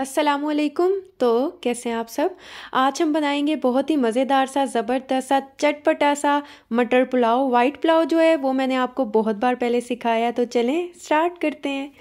असलकुम तो कैसे हैं आप सब आज हम बनाएंगे बहुत ही मज़ेदार सा ज़बरदस्त सा चटपटा सा मटर पुलाव वाइट पुलाव जो है वो मैंने आपको बहुत बार पहले सिखाया तो चलें स्टार्ट करते हैं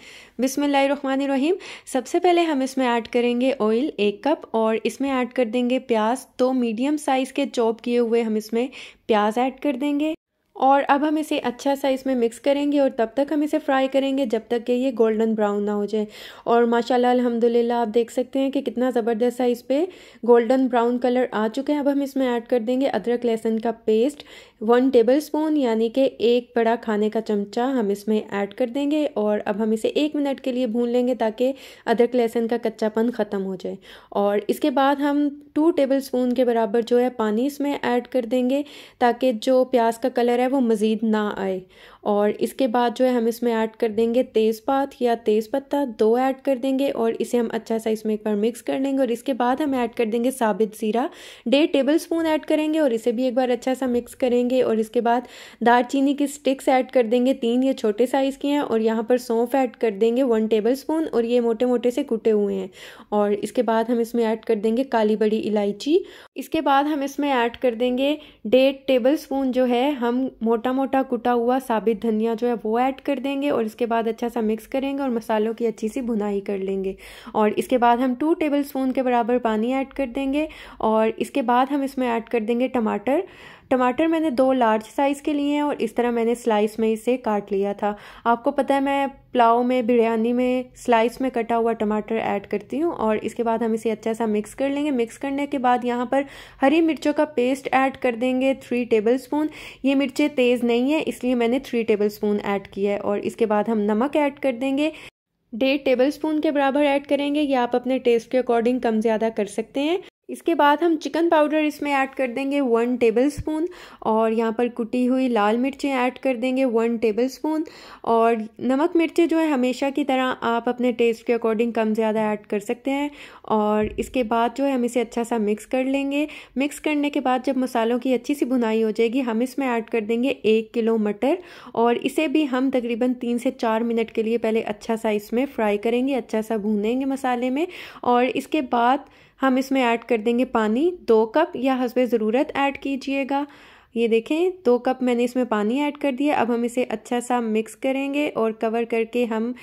रहीम सबसे पहले हम इसमें ऐड करेंगे ऑयल एक कप और इसमें ऐड कर देंगे प्याज दो तो मीडियम साइज़ के चॉप किए हुए हम इसमें प्याज ऐड कर देंगे और अब हम इसे अच्छा सा इसमें मिक्स करेंगे और तब तक हम इसे फ्राई करेंगे जब तक कि ये गोल्डन ब्राउन ना हो जाए और माशाल्लाह अल्हम्दुलिल्लाह आप देख सकते हैं कि कितना ज़बरदस्त सा इस पर गोल्डन ब्राउन कलर आ चुका है अब हम इसमें ऐड कर देंगे अदरक लहसुन का पेस्ट वन टेबल स्पून यानी कि एक बड़ा खाने का चमचा हम इसमें ऐड कर देंगे और अब हम इसे एक मिनट के लिए भून लेंगे ताकि अदरक लहसुन का कच्चापन ख़त्म हो जाए और इसके बाद हम टू टेबल स्पून के बराबर जो है पानी इसमें ऐड कर देंगे ताकि जो प्याज का कलर है वो मज़ीद ना आए और इसके बाद जो है हम इसमें ऐड कर देंगे तेज़पात या तेज़पत्ता दो ऐड कर देंगे और इसे हम अच्छा सा इसमें एक बार मिक्स कर लेंगे और इसके बाद हम ऐड कर देंगे साबित ज़ीरा डेढ़ टेबल स्पून ऐड करेंगे और इसे भी एक बार अच्छा सा मिक्स करेंगे और इसके बाद दालचीनी की स्टिक्स ऐड कर देंगे तीन ये छोटे साइज़ के हैं और यहाँ पर सौंफ ऐड कर देंगे वन टेबल स्पून और ये मोटे मोटे से कूटे हुए हैं और इसके बाद हम इसमें ऐड कर देंगे काली बड़ी इलायची इसके बाद हम इसमें ऐड कर देंगे डेढ़ टेबल स्पून जो है हम मोटा मोटा कुटा हुआ साबित साबित धनिया जो है वो ऐड कर देंगे और इसके बाद अच्छा सा मिक्स करेंगे और मसालों की अच्छी सी भुनाई कर लेंगे और इसके बाद हम टू टेबल स्पून के बराबर पानी ऐड कर देंगे और इसके बाद हम इसमें ऐड कर देंगे टमाटर टमाटर मैंने दो लार्ज साइज़ के लिए हैं और इस तरह मैंने स्लाइस में इसे काट लिया था आपको पता है मैं पुलाव में बिरयानी में स्लाइस में कटा हुआ टमाटर ऐड करती हूँ और इसके बाद हम इसे अच्छा सा मिक्स कर लेंगे मिक्स करने के बाद यहाँ पर हरी मिर्चों का पेस्ट ऐड कर देंगे थ्री टेबल स्पून ये मिर्चें तेज़ नहीं है इसलिए मैंने थ्री टेबल स्पून ऐड किया है और इसके बाद हम नमक ऐड कर देंगे डेढ़ टेबल स्पून के बराबर ऐड करेंगे या आप अपने टेस्ट के अकॉर्डिंग कम ज़्यादा कर सकते हैं इसके बाद हम चिकन पाउडर इसमें ऐड कर देंगे वन टेबल स्पून और यहाँ पर कुटी हुई लाल मिर्चें ऐड कर देंगे वन टेबल स्पून और नमक मिर्चें जो है हमेशा की तरह आप अपने टेस्ट के अकॉर्डिंग कम ज़्यादा ऐड कर सकते हैं और इसके बाद जो है हम इसे अच्छा सा मिक्स कर लेंगे मिक्स करने के बाद जब मसालों की अच्छी सी बुनाई हो जाएगी हम इसमें ऐड कर देंगे एक किलो मटर और इसे भी हम तकरीबन तीन से चार मिनट के लिए पहले अच्छा सा इसमें फ्राई करेंगे अच्छा सा भूनेंगे मसाले में और इसके बाद हम इसमें ऐड कर देंगे पानी दो कप या हसब ज़रूरत ऐड कीजिएगा ये देखें दो कप मैंने इसमें पानी ऐड कर दिया अब हम इसे अच्छा सा मिक्स करेंगे और कवर करके हम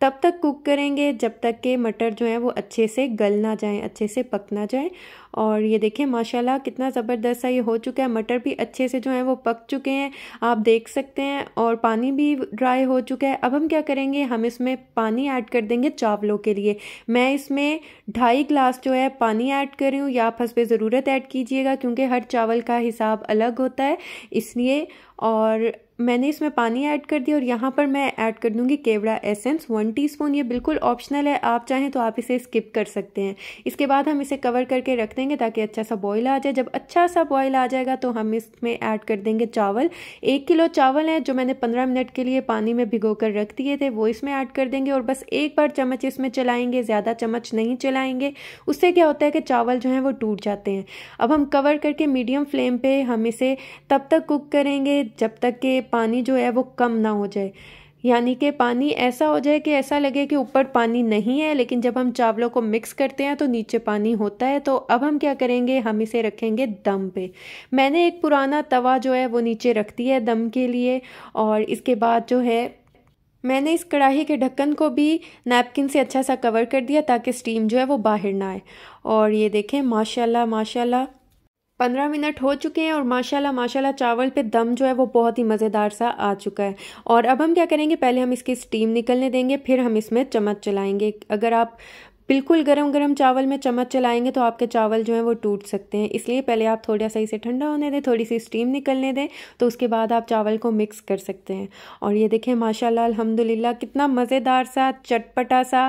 तब तक कुक करेंगे जब तक के मटर जो हैं वो अच्छे से गल ना जाएं अच्छे से पक ना जाएं और ये देखें माशाल्लाह कितना ज़बरदस्त सा ये हो चुका है मटर भी अच्छे से जो है वो पक चुके हैं आप देख सकते हैं और पानी भी ड्राई हो चुका है अब हम क्या करेंगे हम इसमें पानी ऐड कर देंगे चावलों के लिए मैं इसमें ढाई ग्लास जो है पानी ऐड कर रही हूँ या आप हंसपे ज़रूरत ऐड कीजिएगा क्योंकि हर चावल का हिसाब अलग होता है इसलिए और मैंने इसमें पानी ऐड कर दिया और यहाँ पर मैं ऐड कर दूंगी केवड़ा एसेंस वन टीस्पून ये बिल्कुल ऑप्शनल है आप चाहें तो आप इसे स्किप कर सकते हैं इसके बाद हम इसे कवर करके रख देंगे ताकि अच्छा सा बॉयल आ जाए जब अच्छा सा बॉयल आ जाएगा तो हम इसमें ऐड कर देंगे चावल एक किलो चावल है जो मैंने पंद्रह मिनट के लिए पानी में भिगो कर रख दिए थे वो इसमें ऐड कर देंगे और बस एक बार चम्मच इसमें चलाएंगे ज़्यादा चम्मच नहीं चलाएंगे उससे क्या होता है कि चावल जो हैं वो टूट जाते हैं अब हम कवर करके मीडियम फ्लेम पर हम इसे तब तक कुक करेंगे जब तक के पानी जो है वो कम ना हो जाए यानी कि पानी ऐसा हो जाए कि ऐसा लगे कि ऊपर पानी नहीं है लेकिन जब हम चावलों को मिक्स करते हैं तो नीचे पानी होता है तो अब हम क्या करेंगे हम इसे रखेंगे दम पे मैंने एक पुराना तवा जो है वो नीचे रख दिया है दम के लिए और इसके बाद जो है मैंने इस कढ़ाई के ढक्कन को भी नैपकिन से अच्छा सा कवर कर दिया ताकि स्टीम जो है वो बाहर ना आए और ये देखें माशाल्लाह माशाल्लाह पंद्रह मिनट हो चुके हैं और माशाल्लाह माशाल्लाह चावल पे दम जो है वो बहुत ही मज़ेदार सा आ चुका है और अब हम क्या करेंगे पहले हम इसकी स्टीम निकलने देंगे फिर हम इसमें चम्मच चलाएंगे अगर आप बिल्कुल गरम गरम चावल में चम्मच चलाएंगे तो आपके चावल जो हैं वो टूट सकते हैं इसलिए पहले आप थोड़ा सा इसे ठंडा होने दें थोड़ी सी स्टीम निकलने दें तो उसके बाद आप चावल को मिक्स कर सकते हैं और ये देखें माशाल्लाह अल्हम्दुलिल्लाह कितना मज़ेदार सा चटपटा सा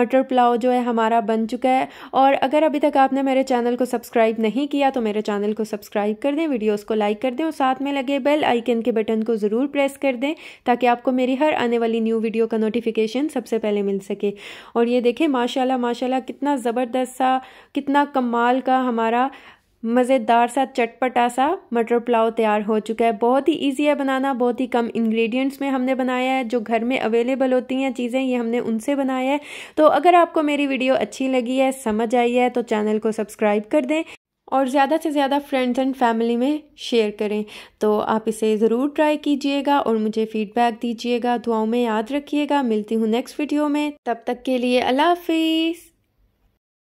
मटर पुलाव जो है हमारा बन चुका है और अगर अभी तक आपने मेरे चैनल को सब्सक्राइब नहीं किया तो मेरे चैनल को सब्सक्राइब कर दें वीडियोज़ को लाइक कर दें और साथ में लगे बेल आइकन के बटन को ज़रूर प्रेस कर दें ताकि आपको मेरी हर आने वाली न्यू वीडियो का नोटिफिकेशन सबसे पहले मिल सके और ये देखें माशाला माशाल्लाह कितना ज़बरदस्त सा कितना कमाल का हमारा मज़ेदार सा चटपटा सा मटर पुलाव तैयार हो चुका है बहुत ही इजी है बनाना बहुत ही कम इंग्रेडिएंट्स में हमने बनाया है जो घर में अवेलेबल होती हैं चीज़ें ये हमने उनसे बनाया है तो अगर आपको मेरी वीडियो अच्छी लगी है समझ आई है तो चैनल को सब्सक्राइब कर दें और ज़्यादा से ज़्यादा फ्रेंड्स एंड फैमिली में शेयर करें तो आप इसे ज़रूर ट्राई कीजिएगा और मुझे फीडबैक दीजिएगा दुआओं में याद रखिएगा मिलती हूँ नेक्स्ट वीडियो में तब तक के लिए अल्लाह हाफिज़